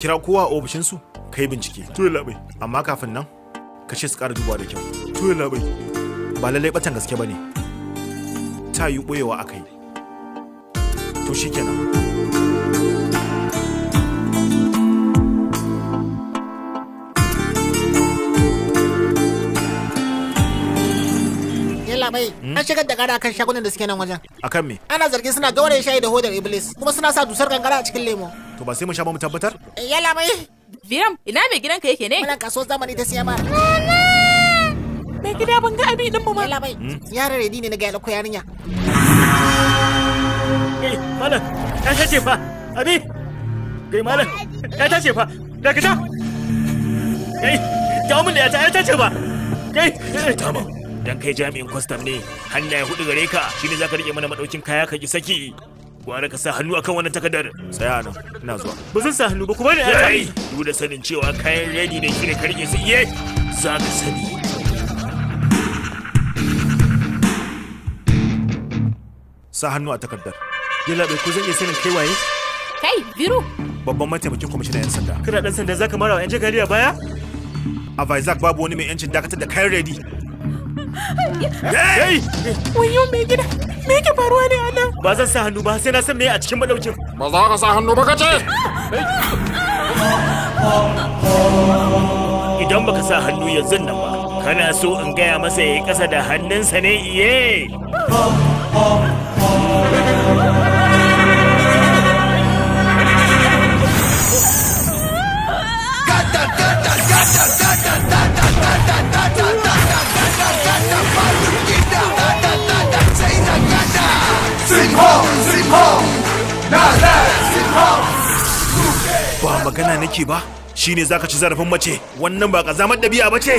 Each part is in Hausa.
kira kowa a ofishinsu ka yi bincike tuyo labai amma kafin nan ka ce su ƙara dubawa da kyau tuyo labai ba lallai batan gaske ba ne ta yi ɓoyewa aka yi to shikenan labai hmm? an shigar da gara akan shagunan da suke nan wajen akan me ana zargin suna gauraye shayi da hodar iblis kuma suna sa dusar kankara a cikin lemo to ba sai mun sha ba mu tabbatar yalla mai biram ina mai gidanka yake ne wannan kaso zamani ta siya ba mai gida ban ga abin din mu ma yalla mai hmm? yaran redi ne na ga yalko yarinya eh malam ta tace fa abi Kai, malam ta tace fa da kita. kai jawo mun da ta tace fa kai eh, eh. tama dan kai jami'in kwastam ne hannaye hudu gare ka shi ne za ka rike mana madaukin kaya ka ki saki gwara ka sa hannu akan wannan takardar tsaya nan ina zuwa ba zan sa hannu ba ku bani ai duk da sanin cewa kayan ready ne kine karke su iye za ka sani sa hannu a takardar yalaɓe ko zan iya sanin kai waye kai biro babban mataimakin kwamishinan 'yan sanda kana dan sanda zaka mara wa 'yan jagariya baya a Vizag babu wani mai 'yancin dakatar da kayan ready Hey! Hey! mai gida! Me yake faruwa ne a nan? Ba zan sa hannu ba sai na san me a cikin madaukin. Ba za ka sa hannu ba ka ce? Idan baka sa hannu yanzu nan ba, kana so in gaya masa ya yi ƙasa da hannunsa ne iye. Gata, gata, gata, gata. ba magana nake ba shine zaka ci zarafin mace wannan ba kazamar dabi'a ba ce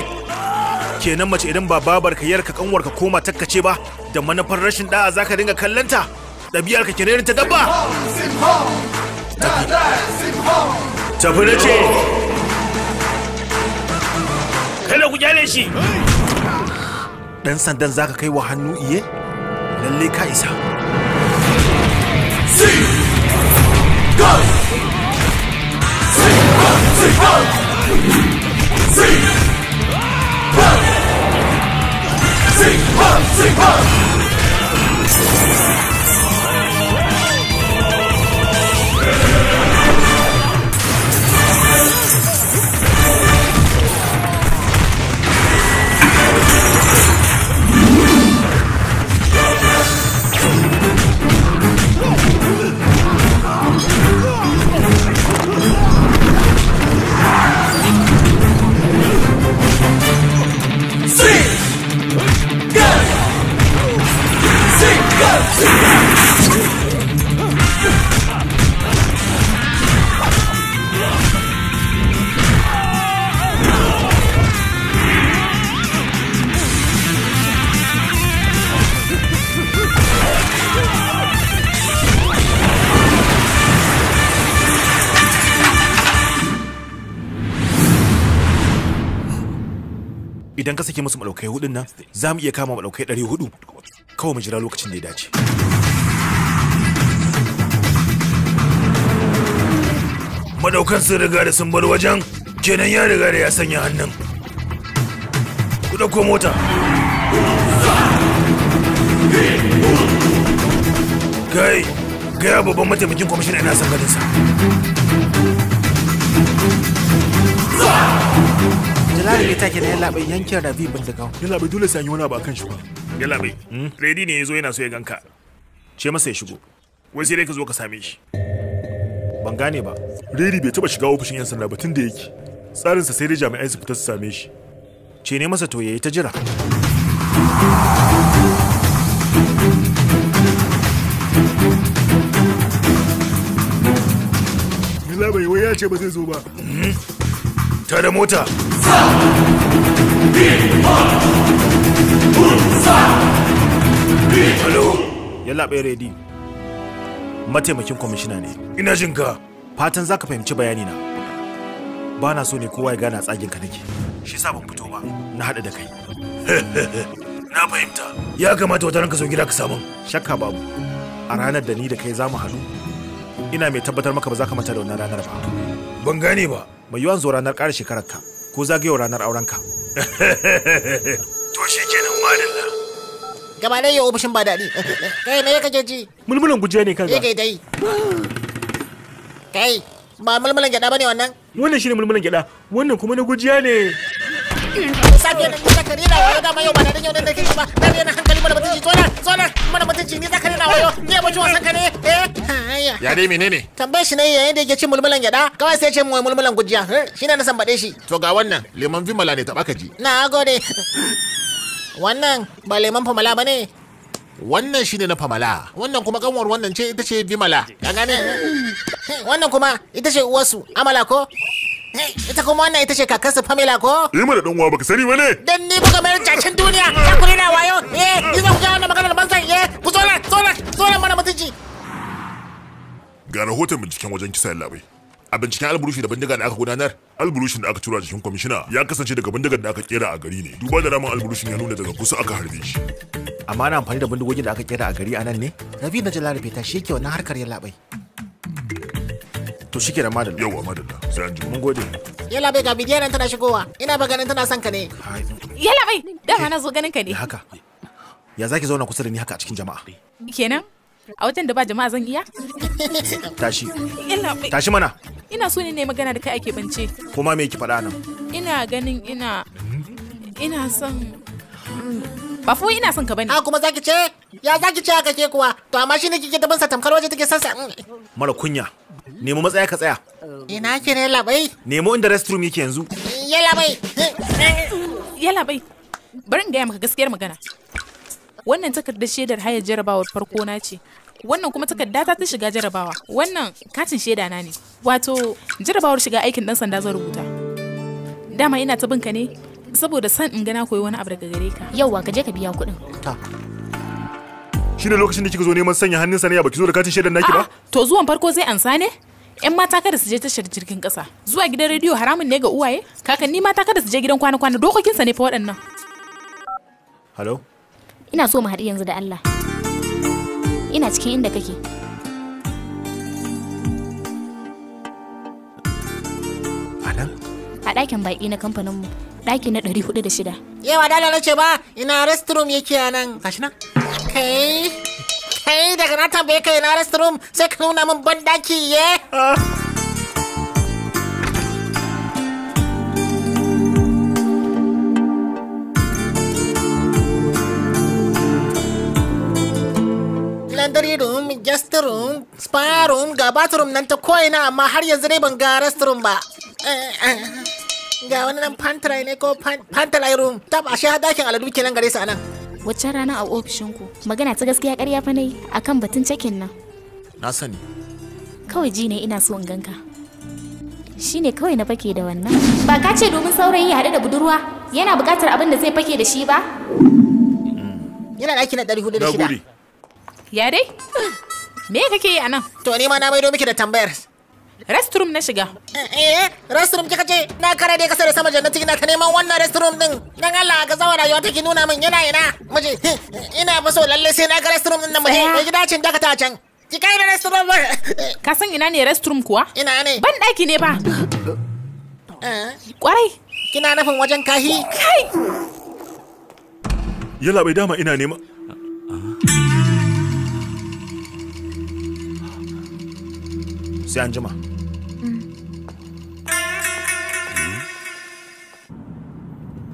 kenan mace idan ba babar ka yarka kanwar ka koma takkace ba da manufar rashin da'a zaka dinga kallanta dabi'ar ka kenan ta dabba tafi na ce kada ku kyale shi dan sandan zaka kai wa hannu iye lalle ka isa See! idan ka sake musu malaukai hudun nan za mu iya kama malaukai ɗari hudu kawai mu jira lokacin da ya dace madaukan sun riga da sun bar wajen kenan ya riga da ya sanya hannun ku ɗauko mota kai gaya babban mataimakin kwamishin ina san sa. Jalal ya take na yallaɓai yankin Rabi Bindigau. Yallaɓai dole sai an yi wani abu akan shi ba. Yallaɓai, hmm? Redi ne ya zo yana so ya ganka. Ce masa ya shigo. Wai sai dai ka zo ka same shi. Ban gane ba. Redi bai taɓa shiga ofishin 'yan sanda ba tunda da yake. Tsarinsa sai dai jami'ai su fita su same shi. Ce ne masa to yayi ta jira. Yallaɓai wai ya ce ba zai zo ba. Hmm? ta da mota sa Hello? Yalla redi. Mataimakin kwamishina ne. Ina jin ka. Fatan za ka fahimci bayani na. Ba na so ne kowa ya gana tsagin ka nake. Shi sa ban fito ba. Na haɗa da kai. na fahimta. Ya kamata wata ranka zo gida ka samu. Shakka babu. A ranar da ni da kai za mu haɗu. Ina mai tabbatar maka ba za ka manta da wannan ranar ba. Ban gane ba. mai yiwuwan zo ranar ƙara shekararka ko zagayowar ranar aurenka to shi kenan madalla gaba ɗaya yau ofishin ba daɗi kai me kake ji mulmulan gujiya ne kanka kai dai kai ba mulmulan gyaɗa bane wannan wannan shine mulmulan gyaɗa wannan kuma na gujiya ne safiya da ni zakari na wayo dama yau ba da yau da nake ba dan yana hankali mana mutunci zo na zo na mana mutunci ni zakari na wayo ni abin wasan ka ne Eh, ya dai menene tambayar shi ne yayin da yake cin mulmulan gyada kawai sai ce mai mulmulan gujiya eh, shi na san baɗe shi to ga wannan lemon vimala ne taɓa ka ji na gode wannan ba lemon famala ne. wannan shi ne na famala wannan kuma kanwar wannan ce ita ce bimala ka gane eh, wannan kuma ita ce uwarsu amala ko ita kuma wannan ita ce kakarsa famila ko yi mana dan uwa baka sani ba ne. dan ni buga mayar jacin duniya ya kula na wayo eh idan ku ga wannan maganar ban san eh ku zo na zo zo mana mutunci ga rahoton binciken wajen kisan labai a binciken alburushi da bindiga da aka gudanar alburushin da aka tura jikin kwamishina ya kasance daga bindigar da aka kera a gari ne duba da ramin alburushin ya nuna daga kusa aka harbe shi amma ana amfani da bindigogin da aka kera a gari a nan ne rabi na jalarabe ta sheke wannan harkar ya labai to shike da madalla yawa madalla sai an ji mun gode ya bai ga bidiyar tana shigowa ina ba ganin tana son ka ne ya bai dama eh, na zo ganin ka ne eh, haka ya zaki zauna kusa da ni haka a cikin jama'a kenan A wajen da ba jama'a zan iya? Tashi. Tashi mana. Ina so ne ne magana da kai ake bance. Kuma me ki faɗa nan? Ina ganin ina ina son mm, ba fu ina son ka bane. A ah, kuma zaki ce ya zaki ce haka ke kuwa to amma shi ne kike ta bansa tamkar waje take sansa. Mm. Mara kunya. Nemo matsaya ka tsaya. Ina ki ne labai. Nemo inda restroom yake yanzu. Ya labai. Ya labai. Bari in gaya maka gaskiyar magana. wannan takardar shaidar hayar jarabawar farko na ce wannan kuma takarda ta shiga jarabawa wannan katin shaida na ne wato jarabawar shiga aikin dan sanda zan rubuta dama ina ta binka ne saboda san in gana koyi wani abu daga gare ka yauwa ka je ka biya kuɗin ne lokacin da kika zo neman sanya hannun sanaya baki zo da katin shaidar naki ba to zuwan farko zai ansa ne yan mata kada su je tashar jirgin kasa zuwa gidan rediyo haramun ne ga uwaye kakanni mata kada su je gidan kwana-kwana dokokinsa ne fa waɗannan hello ina so mu haɗu yanzu da Allah ina cikin inda kake a ɗakin baƙi na kamfaninmu ɗaki na ɗari hudu da shida. Yawa da ce ba ina restroom yake a nan. Gashi nan. Kai, kai daga na tambaye ka ina restroom sai ka nuna min ban ɗaki ye. Ah. Sparum ga bathroom nan ta ko'ina amma har yanzu dai ban ga restroom ba. Ga wani nan pantry ne ko pantry room. Tab a sha dakin aladu kenan gare su anan. Wacce rana a ofishin ku magana ta gaskiya ƙarya fa nayi akan batun cekin nan. Na sani. Kawai ji ne ina so in ganka. Shine kawai na fake da wannan. Ba ka ce domin saurayi ya haɗu da budurwa yana buƙatar abin da zai fake da shi ba? Yana ɗaki na ɗari hudu da shida. Ya dai? Me kake yi a nan? To ni ma na maido miki da tambayar. Restroom na shiga. Eh, eh restroom kika ce na kare dai kasar sama jannati ina ta neman wannan restroom din. Dan Allah ka zawa rayuwa take nuna min yana ina. Miji, ina ba so lalle sai na ga restroom din nan miji. Mai gidacin daga ta can. Ki kai da restroom ba. Ka san ina ne restroom kuwa? Ina ne. Ban daki ne ba. Eh. Kwarai. Kina nufin wajen kahi? Kai. Yalla bai dama ina nema. sai an jima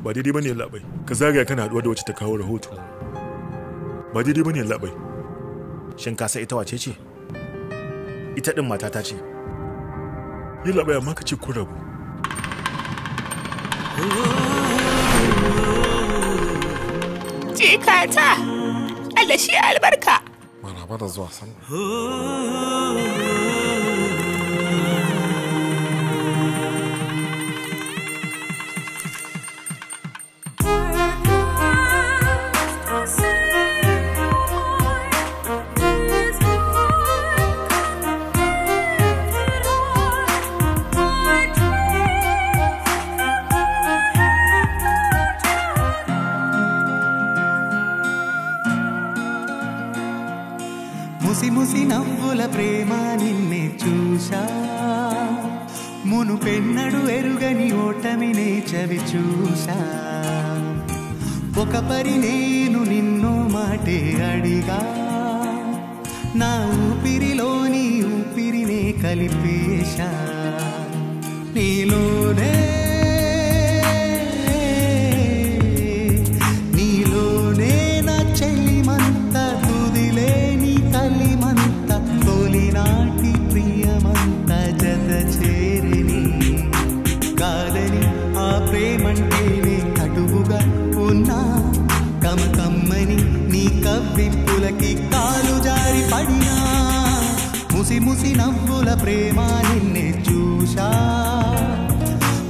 ba daidai ne labai ka zagaya kana haɗuwa da wacce ta kawo rahoto ba daidai ne labai shinkasa ka ita wace ce ita ɗin matata ce yi labai amma ka ce ku rabu Jikata, Allah shi albarka. Maraba da zuwa sama. ముసి ముసి నవ్వుల ప్రేమ నిన్నే చూశా మును పెన్నడు ఎరుగని ఓటమినే చవి చూశా ఒక పరి నేను నిన్ను మాటే అడిగా నా ఊపిరిలోని ఊపిరినే కలిపేశా నీలోనే ప్రేమంటేనే కటువుగా ఉన్నా కమకమ్మని నీ కవ్వింపులకి కాలు జారి పడినా ముసి ముసి నవ్వుల ప్రేమ నిన్నే చూశా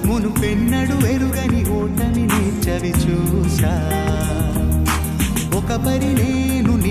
మును పెన్నడు ఎరుగని ఓటమిని చవి చూశా ఒక పరి నేను